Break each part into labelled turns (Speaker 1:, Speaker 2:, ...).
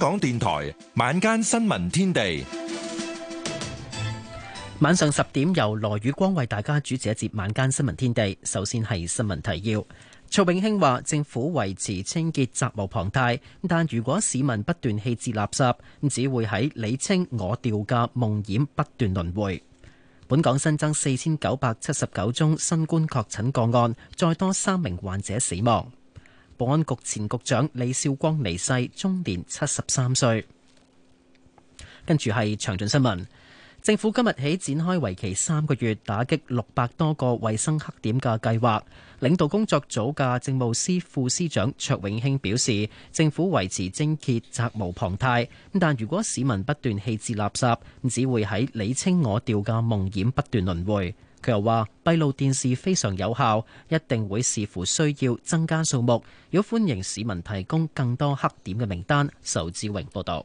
Speaker 1: 香港電台晚間
Speaker 2: 新聞天地，晚上十點由羅宇光為大家主持一節晚間新聞天地。首先係新聞提要，曹永興話：政府維持清潔責無旁貸，但如果市民不斷棄置垃圾，只會喺你清我掉嘅夢魘不斷輪回。本港新增四千九百七十九宗新冠確診個案，再多三名患者死亡。保安局前局長李少光離世，終年七十三歲。跟住係詳盡新聞。政府今日起展開為期三個月打擊六百多個衛生黑點嘅計劃。領導工作組嘅政務司副司長卓永興表示，政府維持清潔責無旁貸。但如果市民不斷棄置垃圾，只會喺你清我掉嘅夢魘不斷輪迴。佢又話：閉路電視非常有效，一定會視乎需要增加數目。
Speaker 3: 如果歡迎市民提供更多黑點嘅名單，仇志榮報導。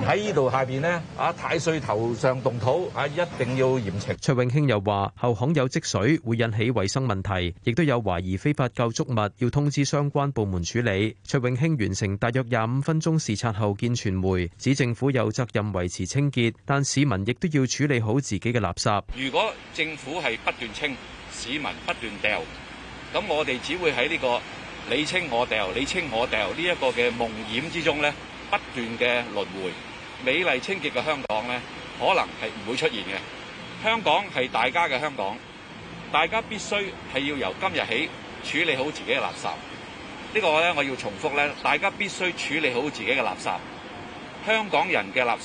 Speaker 1: 喺呢度下面呢，啊太歲頭上動土，啊一定要嚴
Speaker 3: 懲。卓永興又話：後巷有積水，會引起衛生問題，亦都有懷疑非法構築物，要通知相關部門處理。卓永興完成大約廿五分鐘視察後見傳媒，指政府有責任維持清潔，但市民亦都要處理好自己嘅垃圾。
Speaker 1: 如果政府係不斷清，市民不斷掉，咁我哋只會喺呢、這個你清我掉、你清我掉呢一個嘅夢魘之中呢。不斷嘅輪迴，美麗清潔嘅香港呢，可能係唔會出現嘅。香港係大家嘅香港，大家必須係要由今日起處理好自己嘅垃圾。呢個呢，我要重複呢，大家必須處理好自己嘅垃圾。香港人嘅垃圾，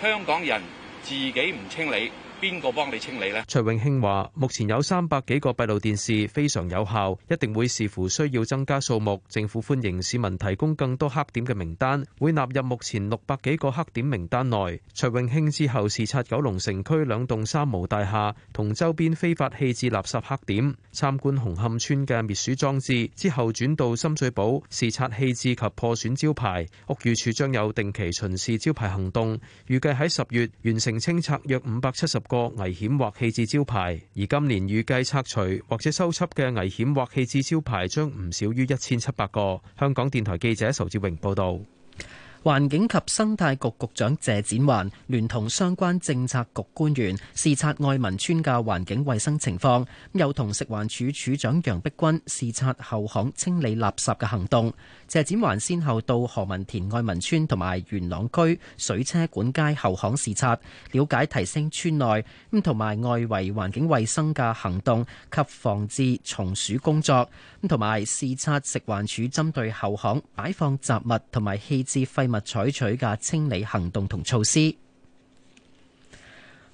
Speaker 1: 香港人自己唔清理。邊個幫你清理
Speaker 3: 呢？徐永興話：目前有三百幾個閉路電視，非常有效，一定會視乎需要增加數目。政府歡迎市民提供更多黑點嘅名單，會納入目前六百幾個黑點名單內。徐永興之後視察九龍城區兩棟三無大廈同周邊非法棄置垃圾黑點，參觀紅磡村嘅滅鼠裝置，之後轉到深水埗視察棄置及破損招牌。屋宇署將有定期巡視招牌行動，預計喺十月完成清拆約五百七十個個危險或棄置招牌，而今年預計拆除或者收葺嘅危險或棄置招牌將唔少於一千七百個。香港電台記者仇志榮報道。環境及生態局局長
Speaker 2: 謝展環聯同相關政策局官員視察愛民村嘅環境衛生情況，又同食環署署長楊碧君視察後巷清理垃圾嘅行動。謝展環先後到何文田愛民村同埋元朗區水車館街後巷視察，了解提升村內同埋外圍環境衛生嘅行動及防治蟲鼠工作，同埋視察食環署針對後巷擺放雜物同埋棄置廢物物採取嘅清理行動同措施。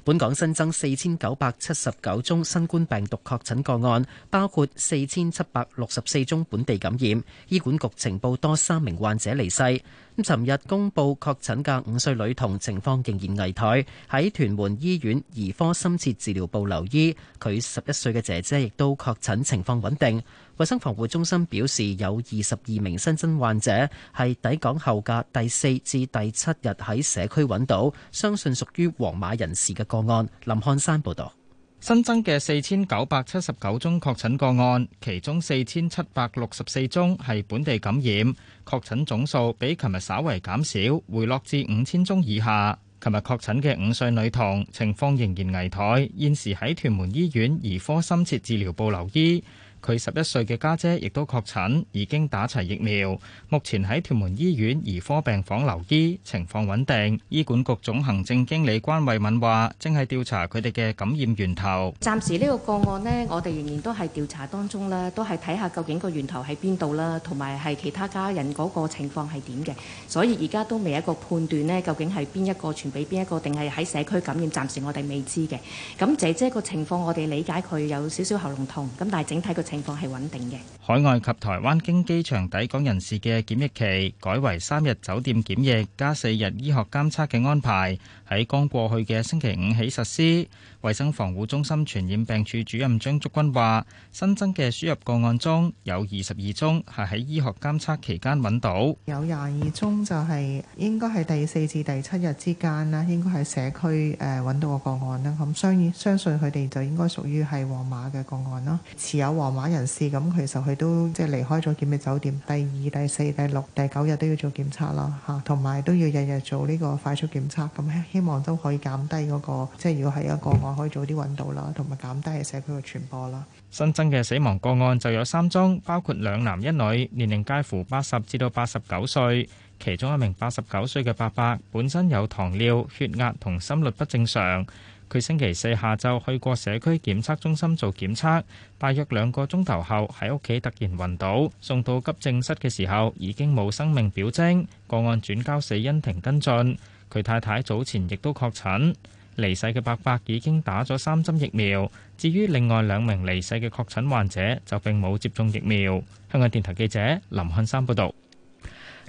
Speaker 2: 本港新增四千九百七十九宗新冠病毒確診個案，包括四千七百六十四宗本地感染。醫管局呈報多三名患者離世。咁，尋日公布確診嘅五歲女童情況仍然危殆，喺屯門醫院兒科深切治療部留醫，佢十一歲嘅姐姐亦都確診，情況穩定。衛生防護中心表示，有二十二名新增患者係抵港後嘅第四至第七日喺社區搵到，相信屬於黃碼人士嘅個案。林漢山報道。新增嘅
Speaker 4: 四千九百七十九宗確診個案，其中四千七百六十四宗係本地感染，確診總數比琴日稍為減少，回落至五千宗以下。琴日確診嘅五歲女童情況仍然危殆，現時喺屯門醫院兒科深切治療部留醫。佢十一歲嘅家姐亦都確診，已經打齊疫苗，目前喺屯門醫院兒科病房留醫，情況穩定。醫管局總行政經理關慧敏話，正係調查佢哋嘅感染源頭。
Speaker 5: 暫時呢個個案呢，我哋仍然都係調查當中啦，都係睇下究竟個源頭喺邊度啦，同埋係其他家人嗰個情況係點嘅。所以而家都未一個判斷呢，究竟係邊一個傳俾邊一個，定係喺社區感染？暫時我哋未知嘅。咁姐姐個情況，我哋理解佢有少少喉嚨痛，咁但係整體個情況係穩定
Speaker 4: 嘅。海外及台灣經機場抵港人士嘅檢疫期，改為三日酒店檢疫，加四日醫學監測嘅安排。喺剛過去嘅星期五起實施，衞生防護中心傳染病處主任張竹君話：新增嘅輸入個案中有二十二宗係喺醫學監測期間揾到，
Speaker 6: 有廿二宗就係應該係第四至第七日之間啦，應該係社區誒揾到個個案啦。咁、嗯、相相信佢哋就應該屬於係黃碼嘅個案啦。持有黃碼人士咁其實佢都即係離開咗檢疫酒店，第二、第四、第六、第九日都要做檢測啦，嚇，同埋都要日日做呢個快速檢測咁。嗯希望都可以減低嗰個，即係如果係一個個案，可以早啲揾到啦，同埋減低社區嘅傳播啦。
Speaker 4: 新增嘅死亡個案就有三宗，包括兩男一女，年齡介乎八十至到八十九歲。其中一名八十九歲嘅伯伯本身有糖尿、血壓同心率不正常。佢星期四下晝去過社區檢測中心做檢測，大約兩個鐘頭後喺屋企突然暈倒，送到急症室嘅時候已經冇生命表徵。個案轉交死因庭跟進。佢太太早前亦都確診，離世嘅伯伯已經打咗三針疫苗。至於另外兩名離世嘅確診患者，就並冇接種疫苗。香港電台記者林
Speaker 2: 漢山報導。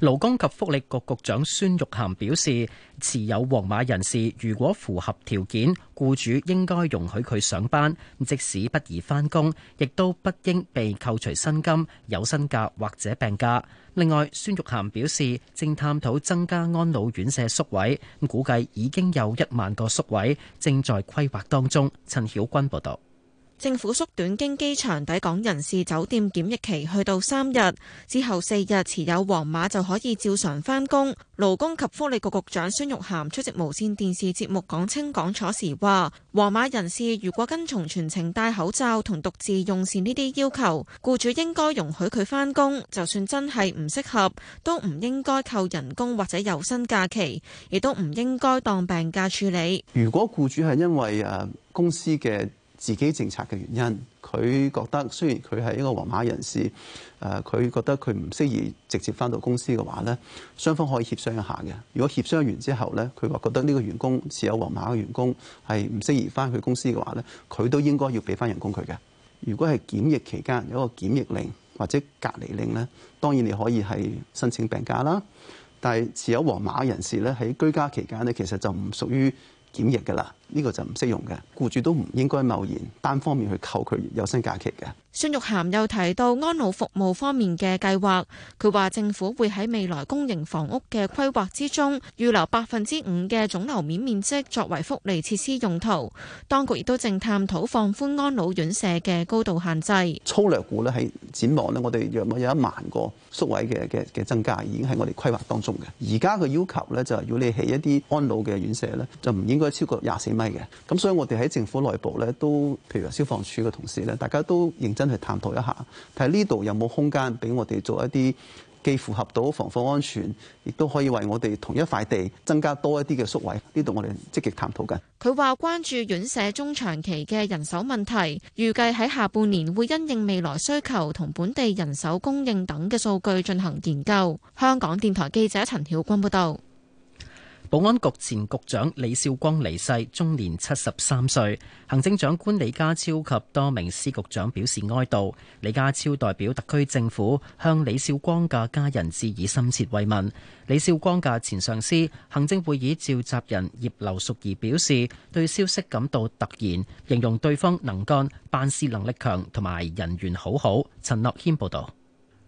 Speaker 2: 勞工及福利局局長孫玉菡表示，持有黃碼人士如果符合條件，僱主應該容許佢上班，即使不宜返工，亦都不應被扣除薪金、有薪假或者病假。另外，孫玉菡表示正探討增加安老院舍宿位，估計已經有一萬個宿位正在規劃當中。陳曉君報道。
Speaker 5: 政府縮短經機場抵港人士酒店檢疫期，去到三日之後四日持有黃碼就可以照常返工。勞工及福利局局長孫玉菡出席無線電視節目講清講楚時話：，黃碼人士如果跟從全程戴口罩同獨自用膳呢啲要求，雇主應該容許佢返工，就算真係唔適合，都唔應該扣人工或者有薪假期，亦都唔應該當病假處理。
Speaker 7: 如果雇主係因為誒公司嘅。自己政策嘅原因，佢覺得雖然佢係一個黃碼人士，誒，佢覺得佢唔適宜直接翻到公司嘅話咧，雙方可以協商一下嘅。如果協商完之後咧，佢話覺得呢個員工持有黃碼嘅員工，係唔適宜翻去公司嘅話咧，佢都應該要俾翻人工佢嘅。如果係檢疫期間有一個檢疫令或者隔離令咧，當然你可以係申請病假啦。但係持有黃碼人士咧，喺居家期間咧，其實就唔屬於檢疫嘅啦。呢個就唔適用嘅，僱主都唔應該貿然單方面去扣佢有薪假期嘅。
Speaker 5: 孫玉菡又提到安老服務方面嘅計劃，佢話政府會喺未來公營房屋嘅規劃之中，預留百分之五嘅總樓面面積作為福利設施用途。當局亦都正探討放寬安老院舍嘅高度限制。
Speaker 7: 粗略估咧，係展望咧，我哋約莫有一萬個宿位嘅嘅嘅增加，已經喺我哋規劃當中嘅。而家嘅要求咧，就係如果你起一啲安老嘅院舍咧，就唔應該超過廿四。嘅，咁所以我哋喺政府內部咧，都譬如消防處嘅同事咧，大家都認真去探討一下，睇呢度有冇空間俾我哋做一啲既符合到防火安全，亦都可以為我哋同一塊地增加多一啲嘅宿位。呢度我哋積極探討緊。
Speaker 5: 佢話關注院舍中長期嘅人手問題，預計喺下半年會因應未來需求同本地人手供應等嘅數據進行研究。香港電台記者陳曉君報道。
Speaker 2: 保安局前局長李少光離世，終年七十三歲。行政長官李家超及多名司局長表示哀悼。李家超代表特區政府向李少光嘅家人致以深切慰問。李少光嘅前上司、行政會議召集人葉劉淑儀表示，對消息感到突然，形容對方能幹、
Speaker 8: 辦事能力強，同埋人緣好好。陳樂謙報道。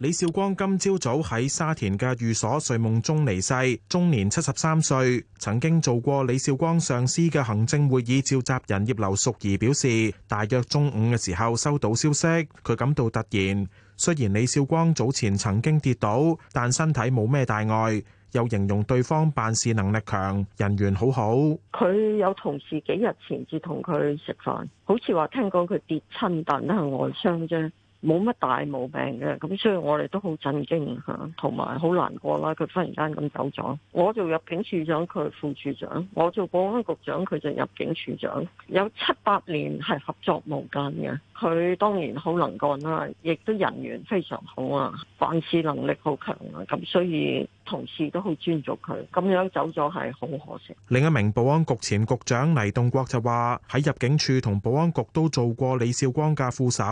Speaker 8: 李少光今朝早喺沙田嘅寓所睡夢中離世，終年七十三歲。曾經做過李少光上司嘅行政會議召集人葉劉淑儀表示，大約中午嘅時候收到消息，佢感到突然。雖然李少光早前曾經跌倒，但身體冇咩大礙。又形容對方辦事能力強，人緣好好。
Speaker 5: 佢有同事幾日前至同佢食飯，好似話聽講佢跌親，但係外傷啫。冇乜大毛病嘅，咁所以我哋都好震驚吓，同埋好難過啦。佢忽然間咁走咗，我做入境處長佢副處長，我做保安局長佢就入境處長，有七八年係合作無間嘅，佢當然好能幹啦，亦都人緣非常好啊，辦事能力好強啊，咁所以同事都好尊重佢。咁樣走咗係好可惜。
Speaker 8: 另一名保安局前局長黎棟國就話，喺入境處同保安局都做過李少光嘅副手，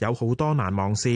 Speaker 8: 有好多難忘事，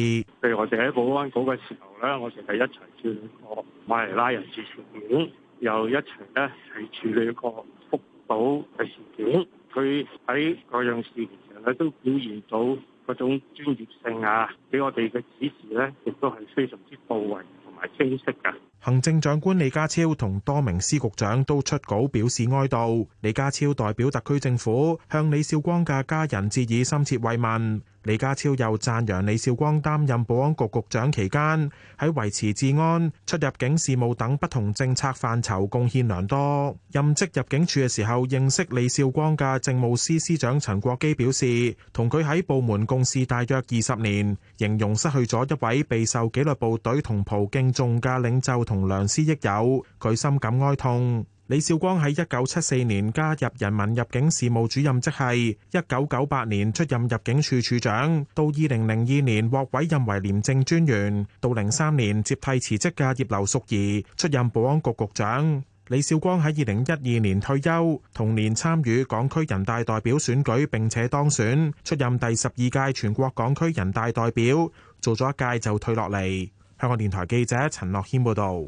Speaker 1: 譬如我哋喺保安局嘅時候咧，我哋係一齊處理過馬尼拉人質事,事件，又一齊咧係處理過福島嘅事件。佢喺各樣事件上咧都表現到嗰種專業性啊，俾我哋嘅指示咧亦都係非常之到位
Speaker 8: 同埋清晰㗎。行政長官李家超同多名司局長都出稿表示哀悼。李家超代表特區政府向李少光嘅家人致以深切慰問。李家超又讚揚李少光擔任保安局局長期間，喺維持治安、出入境事務等不同政策範疇貢獻良多。任職入境處嘅時候認識李少光嘅政務司司長陳國基表示，同佢喺部門共事大約二十年，形容失去咗一位備受紀律部隊同袍敬重嘅領袖同良師益友，佢深感哀痛。李少光喺一九七四年加入人民入境事務主任，即係一九九八年出任入境處處長，到二零零二年獲委任為廉政專員，到零三年接替辭職嘅葉劉淑儀出任保安局局長。李少光喺二零一二年退休，同年參與港區人大代表選舉，並且當選，出任第十二屆全國港區人大代表，做咗一屆就退落嚟。香港電台記者陳樂謙報道。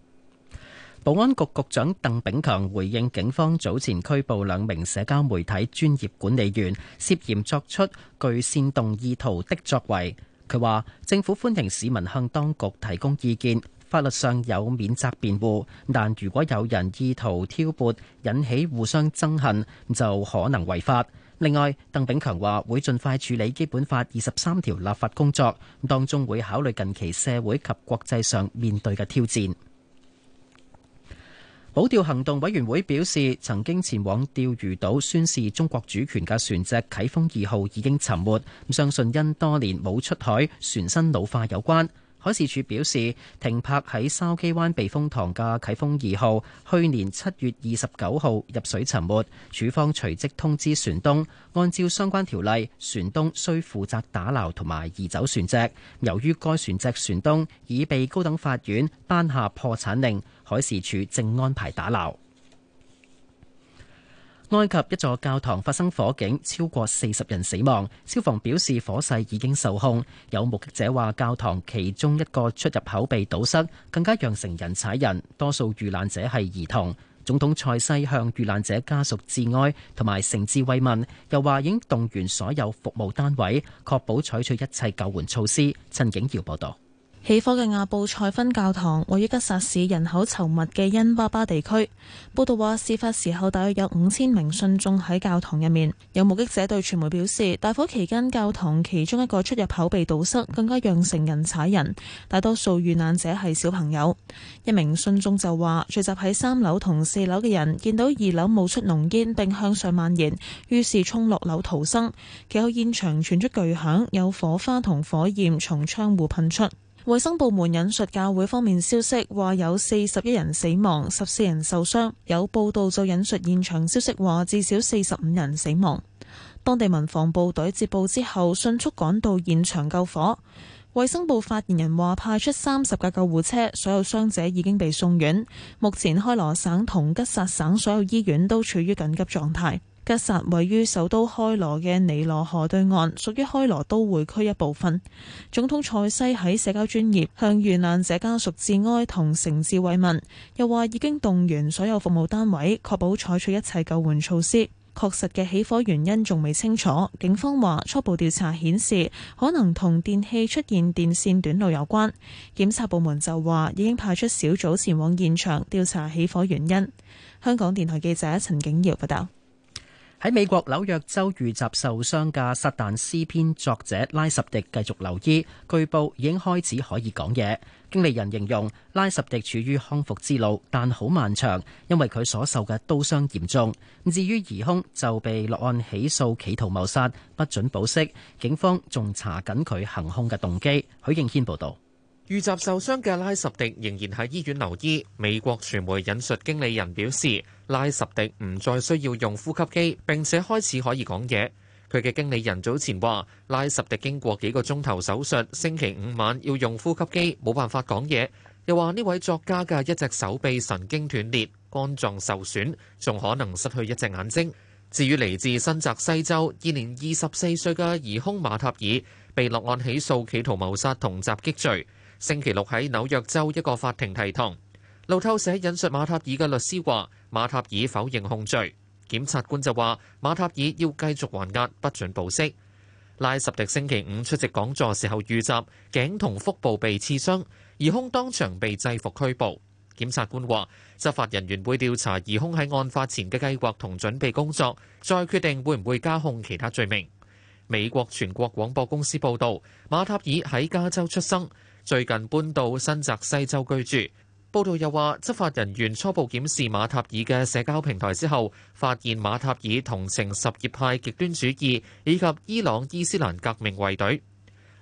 Speaker 8: 保安局局長鄧炳強回應警方早
Speaker 2: 前拘捕兩名社交媒體專業管理員，涉嫌作出具煽動意圖的作為。佢話政府歡迎市民向當局提供意見，法律上有免責辯護，但如果有人意圖挑撥，引起互相憎恨，就可能違法。另外，鄧炳強話會盡快處理《基本法》二十三條立法工作，當中會考慮近期社會及國際上面對嘅挑戰。保釣行動委員會表示，曾經前往釣魚島宣示中國主權嘅船隻「啟豐二號」已經沉沒，相信因多年冇出海，船身老化有關。海事處表示，停泊喺筲箕灣避風塘嘅啟豐二號，去年七月二十九號入水沉沒，處方隨即通知船東，按照相關條例，船東需負責打撈同埋移走船隻。由於該船隻船東已被高等法院頒下破產令，海事處正安排打撈。埃及一座教堂發生火警，超過四十人死亡。消防表示火勢已經受控。有目擊者話教堂其中一個出入口被堵塞，更加讓成人踩人。多數遇難者係兒童。總統塞西向遇難者家屬致哀，同埋誠摯慰問，又話已經動員所有服務單位，確保採取一切救援措施。陳景瑤報道。
Speaker 6: 起火嘅亞布賽芬教堂位於吉薩市人口稠密嘅恩巴巴地區。報道話，事發時候大約有五千名信眾喺教堂入面。有目擊者對傳媒表示，大火期間教堂其中一個出入口被堵塞，更加釀成人踩人。大多數遇難者係小朋友。一名信眾就話，聚集喺三樓同四樓嘅人見到二樓冒出濃煙，並向上蔓延，於是衝落樓逃生。其後現場傳出巨響，有火花同火焰從窗戶噴出。衛生部門引述教會方面消息，話有四十一人死亡，十四人受傷。有報道就引述現場消息，話至少四十五人死亡。當地民防部隊接報之後，迅速趕到現場救火。衛生部發言人話，派出三十架救護車，所有傷者已經被送院。目前開羅省同吉薩省所有醫院都處於緊急狀態。吉薩位於首都開羅嘅尼羅河對岸，屬於開羅都會區一部分。總統塞西喺社交專頁向遇難者家屬致哀同誠摯慰問，又話已經動員所有服務單位，確保採取一切救援措施。確實嘅起火原因仲未清楚，警方話初步調查顯示可能同電器出現電線短路有關。檢察部門就話已經派出小組前往現場調查起火原因。香港電台記者陳景堯報道。
Speaker 2: 喺美國紐約州遇襲受傷嘅《撒旦詩篇》作者拉什迪繼續留醫，據報已經開始可以講嘢。經理人形容拉什迪處於康復之路，但好漫長，因為佢所受嘅刀傷嚴重。至於疑兇，就被落案起訴企圖謀殺，不准保釋。警方仲查緊佢行兇嘅動機。許敬軒報道。
Speaker 9: 遇襲受傷嘅拉什迪仍然喺醫院留醫。美國傳媒引述經理人表示，拉什迪唔再需要用呼吸機，並且開始可以講嘢。佢嘅經理人早前話，拉什迪經過幾個鐘頭手術，星期五晚要用呼吸機，冇辦法講嘢。又話呢位作家嘅一隻手臂神經斷裂，肝臟受損，仲可能失去一隻眼睛。至於嚟自新澤西州、現年二十四歲嘅疑凶馬塔爾，被落案起訴企圖謀殺同襲擊罪。星期六喺紐約州一個法庭提堂。路透社引述馬塔爾嘅律師話，馬塔爾否認控罪。檢察官就話馬塔爾要繼續還押，不准保釋。拉什迪星期五出席講座時候遇襲，頸同腹部被刺傷，疑凶當場被制服拘捕。檢察官話執法人員會調查疑凶喺案發前嘅計劃同準備工作，再決定會唔會加控其他罪名。美國全國廣播公司報道，馬塔爾喺加州出生。最近搬到新澤西州居住。報道又話，執法人員初步檢視馬塔爾嘅社交平台之後，發現馬塔爾同情什葉派極端主義以及伊朗伊斯蘭革命衛隊。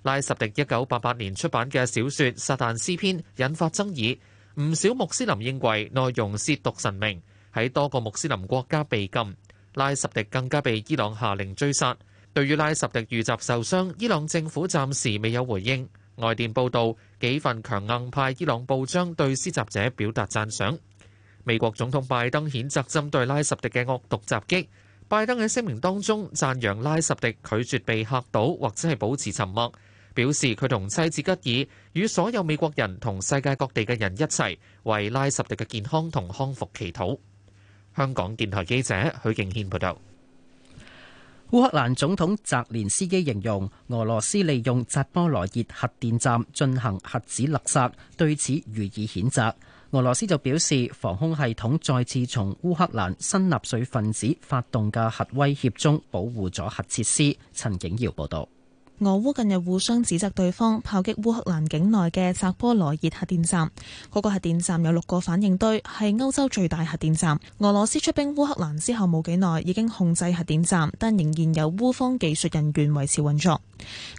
Speaker 9: 拉什迪一九八八年出版嘅小說《撒旦詩篇》引發爭議，唔少穆斯林認為內容褻瀆神明，喺多個穆斯林國家被禁。拉什迪更加被伊朗下令追殺。對於拉什迪遇襲受傷，伊朗政府暫時未有回應。外電報道，幾份強硬派伊朗報章對施襲者表達讚賞。美國總統拜登譴責針對拉什迪嘅惡毒襲擊。拜登喺聲明當中讚揚拉什迪拒絕被嚇倒或者係保持沉默，表示佢同妻子吉爾與所有美國人同世界各地嘅人一齊為拉什迪嘅健康同康復祈禱。香港電台記者許敬軒報道。烏克蘭總統
Speaker 2: 澤連斯基形容俄羅斯利用扎波羅熱核電站進行核子勒索，對此予以譴責。俄羅斯就表示，防空系統再次從烏克蘭新納粹分子發動嘅核威脅中保護咗核設施。陳景瑤報道。
Speaker 6: 俄烏近日互相指責對方炮擊烏克蘭境內嘅扎波羅熱核電站。嗰、那個核電站有六個反應堆，係歐洲最大核電站。俄羅斯出兵烏克蘭之後冇幾耐已經控制核電站，但仍然有烏方技術人員維持運作。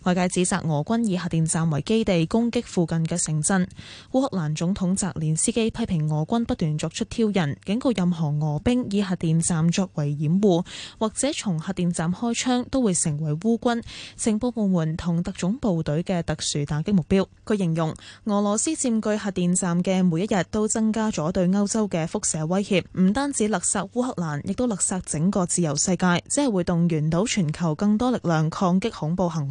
Speaker 6: 外界指責俄軍以核電站為基地攻擊附近嘅城鎮。烏克蘭總統澤連斯基批評俄軍不斷作出挑釁，警告任何俄兵以核電站作為掩護或者從核電站開槍，都會成為烏軍情報部門同特種部隊嘅特殊打擊目標。佢形容俄羅斯佔據核電站嘅每一日都增加咗對歐洲嘅輻射威脅，唔單止勒殺烏克蘭，亦都勒殺整個自由世界，即係會動員到全球更多力量抗擊恐怖行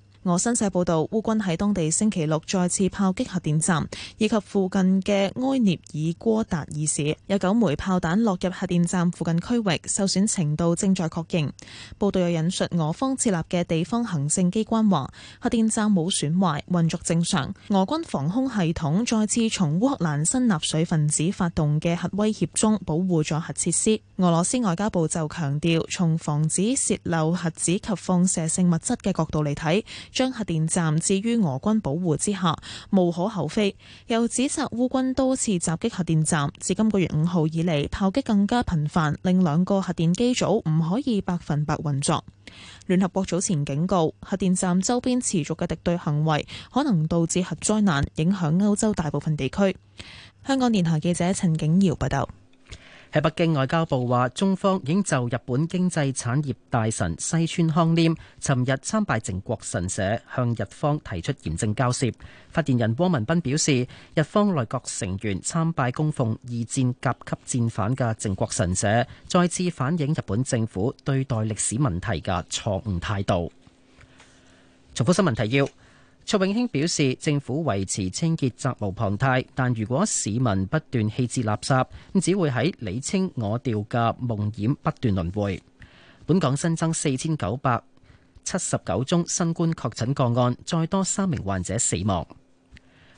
Speaker 6: 俄新社報道，烏軍喺當地星期六再次炮擊核電站以及附近嘅埃涅爾戈達爾市，有九枚炮彈落入核電站附近區域，受損程度正在確認。報道又引述俄方設立嘅地方行政機關話，核電站冇損壞，運作正常。俄軍防空系統再次從烏克蘭新納粹分子發動嘅核威脅中保護咗核設施。俄羅斯外交部就強調，從防止洩漏核子及放射性物質嘅角度嚟睇，將核電站置於俄軍保護之下，無可厚非。又指責烏軍多次襲擊核電站，自今個月五號以嚟炮擊更加頻繁，令兩個核電機組唔可以百分百運作。聯合國早前警告，核電站周邊持續嘅敵對行為可能導致核災難，影響歐洲大部分地區。香港電台記者陳景堯報道。喺北京外交部，話中方
Speaker 2: 已經就日本經濟產業大臣西村康稔，尋日參拜靖國神社，向日方提出嚴正交涉。發言人汪文斌表示，日方內閣成員參拜供奉二戰甲級戰犯嘅靖國神社，再次反映日本政府對待歷史問題嘅錯誤態度。重複新聞提要。卓永興表示，政府維持清潔責無旁貸，但如果市民不斷棄置垃圾，只會喺你清我掉嘅夢魘不斷輪迴。本港新增四千九百七十九宗新冠確診個案，再多三名患者死亡。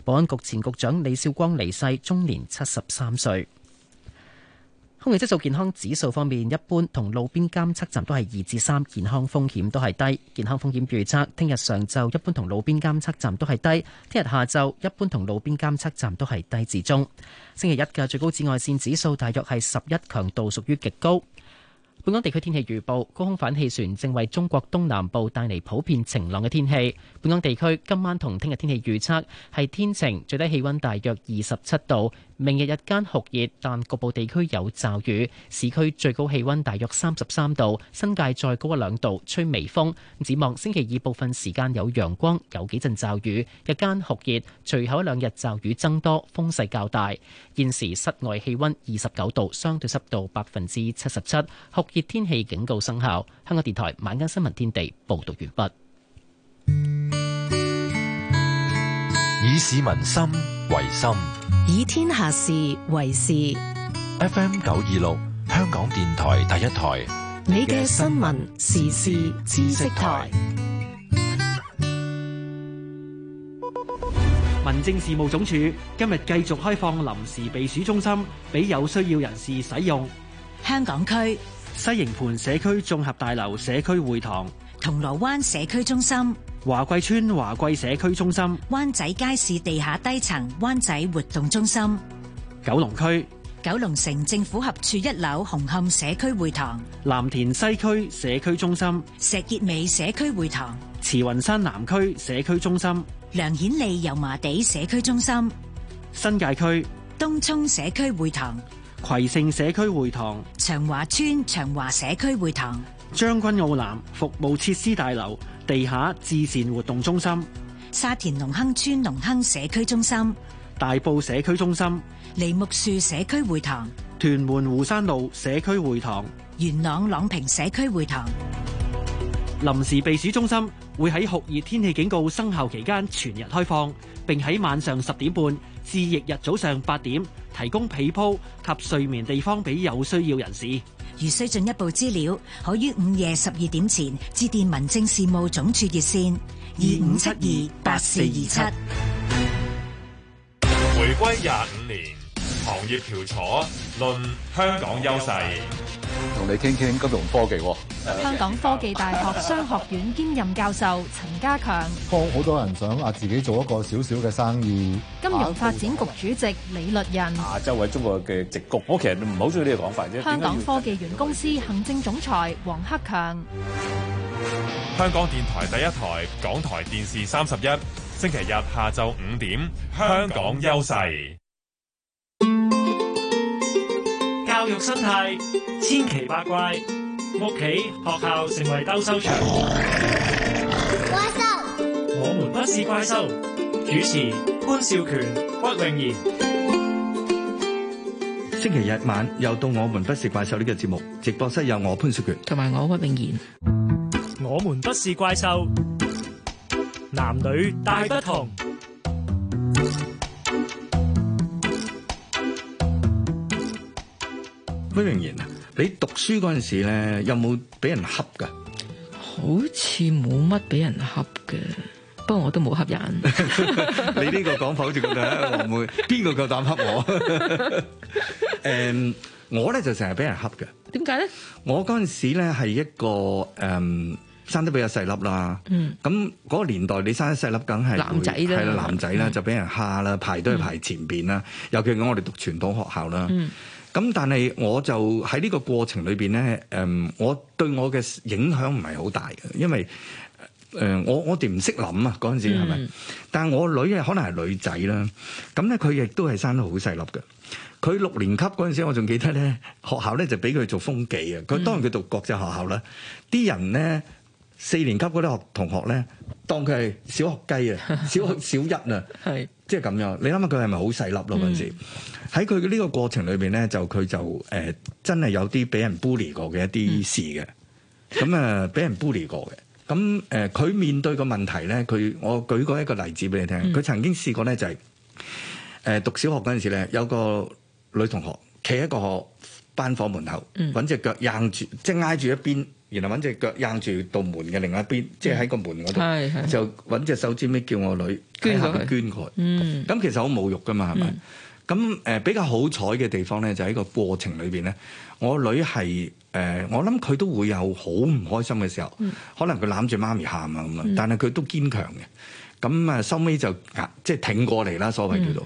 Speaker 2: 保安局前局長李少光離世，終年七十三歲。空氣質素健康指數方面，一般同路邊監測站都係二至三，健康風險都係低。健康風險預測，聽日上晝一般同路邊監測站都係低，聽日下晝一般同路邊監測站都係低至中。星期一嘅最高紫外線指數大約係十一，強度屬於極高。本港地區天氣預報，高空反氣旋正為中國東南部帶嚟普遍晴朗嘅天氣。本港地區今晚同聽日天氣預測係天晴，天最低氣溫大約二十七度。明日日間酷熱，但局部地區有驟雨。市區最高氣溫大約三十三度，新界再高一兩度，吹微風。展望星期二部分時間有陽光，有幾陣驟雨。日間酷熱，隨後兩日驟雨增多，風勢較大。現時室外氣溫二十九度，相對濕度百分之七十七，酷熱天氣警告生效。香港電台晚間新聞天地報道完畢。
Speaker 1: 以市民心為心。
Speaker 9: 以天下事為事。
Speaker 1: FM 九二六，香港電台第一台，
Speaker 9: 你嘅新聞時事知識台。民政事務總署今日繼續開放臨時避暑中心，俾有需要人士使用。香港區西營盤社區綜合大樓社區會堂、銅鑼灣社區中心，
Speaker 4: 華貴村華貴社區中心，灣仔街市地下低層灣仔活動中
Speaker 2: 心，
Speaker 9: 九龍區
Speaker 2: 九龍城政府合署一樓紅磡社區會堂，藍田西區社區中心，石硤尾社區會堂，
Speaker 9: 慈雲山
Speaker 2: 南區社區中心，梁顯利油麻地社區中心，新界區東涌社區會堂，葵盛社區會堂，長華村長華社區會堂，將軍澳南服務設施大樓。地下自善活動中心、沙田隆亨村隆亨社區中心、大埔社區中
Speaker 4: 心、梨木樹社區會堂、
Speaker 9: 屯門湖山路社區會堂、
Speaker 4: 元朗朗平社區會堂。
Speaker 9: 臨時避暑中心會喺酷熱天氣警告生效期間全日開放，並喺晚上十點半至翌日早上八點提供被鋪及睡眠地方俾有需要人士。如需進一
Speaker 4: 步資料，可於午夜十二點前致電民政事務總署熱線二五七
Speaker 9: 二八四二
Speaker 4: 七。
Speaker 8: 25回歸廿五年。行業翹楚，論香港優勢，同你傾
Speaker 1: 傾金融科技。啊、
Speaker 6: 香港科技大學商學院兼任教授陳家強，
Speaker 1: 好 多人想啊自己做一個小小嘅生意。
Speaker 6: 金融發展局主席李律仁。啊
Speaker 1: 周圍中國嘅直局，我其實唔好中意呢個講法啫。香港科
Speaker 6: 技園公司行政總裁黃克強，
Speaker 8: 香港電台第一台，港台電視三十一，星期日下晝五點，香港優勢。
Speaker 1: 教育生態千奇百怪，屋企學校成為鬥獸場。怪獸，我們不是怪獸。主持潘少權、屈穎妍。
Speaker 10: 星期日晚又到我們不是怪獸呢，這個節目直播室，有我潘少權同埋我屈穎妍。
Speaker 1: 我們
Speaker 10: 不是怪獸，男女大不同。屈榮言啊，嗯、你讀書嗰陣時咧，有冇俾人恰噶？
Speaker 5: 好似冇乜俾人恰嘅，不過我都冇恰人。
Speaker 10: 你呢個講否住咁樣，我唔會。邊個夠膽恰我？誒、 um，我咧就成日俾人恰嘅。點解咧？我嗰陣時咧係一個誒、嗯、生得比較細粒啦。嗯。咁嗰年代，你生得細粒，梗係男仔啦，係啦，男仔啦，嗯、就俾人蝦啦，排隊都係排前邊啦。嗯、尤其講我哋讀傳統學校啦。嗯咁但係我就喺呢個過程裏邊咧，誒，我對我嘅影響唔係好大嘅，因為誒，我我哋唔識諗啊，嗰陣時係咪？嗯、但係我女嘅可能係女仔啦，咁咧佢亦都係生得好細粒嘅。佢六年級嗰陣時，我仲記得咧，學校咧就俾佢做風紀啊。佢當然佢讀國際學校啦，啲、嗯、人咧四年級嗰啲學同學咧，當佢係小學雞啊，小學小一啊。 即係咁樣，你諗下佢係咪好細粒咯？嗰陣時喺佢嘅呢個過程裏邊咧，就佢就誒、呃、真係有啲俾人 bully 過嘅一啲事嘅，咁啊俾人 bully 過嘅，咁誒佢面對個問題咧，佢我舉過一個例子俾你聽，佢曾經試過咧就係、是、誒、呃、讀小學嗰陣時咧，有個女同學企一個學班房門口揾隻腳硬住，嗯、即係挨住一邊，然後揾隻腳硬住道門嘅另外一邊，嗯、即係喺個門嗰度，嗯、就揾隻手指尾叫我女捐佢，看看捐佢。咁、嗯、其實好侮辱噶嘛，係咪、嗯？咁誒、呃、比較好彩嘅地方咧，就喺個過程裏邊咧，我女係誒、呃，我諗佢都會有好唔開心嘅時候，嗯、可能佢攬住媽咪喊啊咁樣，嗯、但係佢都堅強嘅。咁啊，收尾就即係挺過嚟啦，所謂叫做。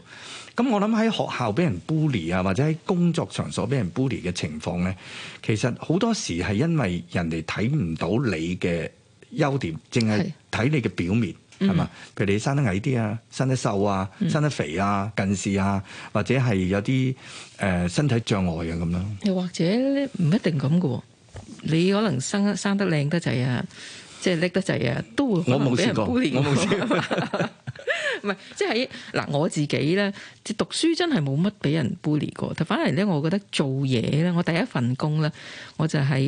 Speaker 10: 咁、嗯、我諗喺學校俾人 bully 啊，或者喺工作場所俾人 bully 嘅情況咧，其實好多時係因為人哋睇唔到你嘅優點，淨係睇你嘅表面係嘛？譬如你生得矮啲啊，生得瘦啊，生得肥啊，嗯、近視啊，或者係有啲、呃、身體障礙啊咁樣。
Speaker 5: 又或者唔一定咁嘅，你可能生生得靚得滯啊。即係叻得滯啊，都會俾人 bully 我冇試過唔係 即係喺嗱我自己咧，讀書真係冇乜俾人 bully 過。但反嚟咧，我覺得做嘢咧，我第一份工咧，我就係、是。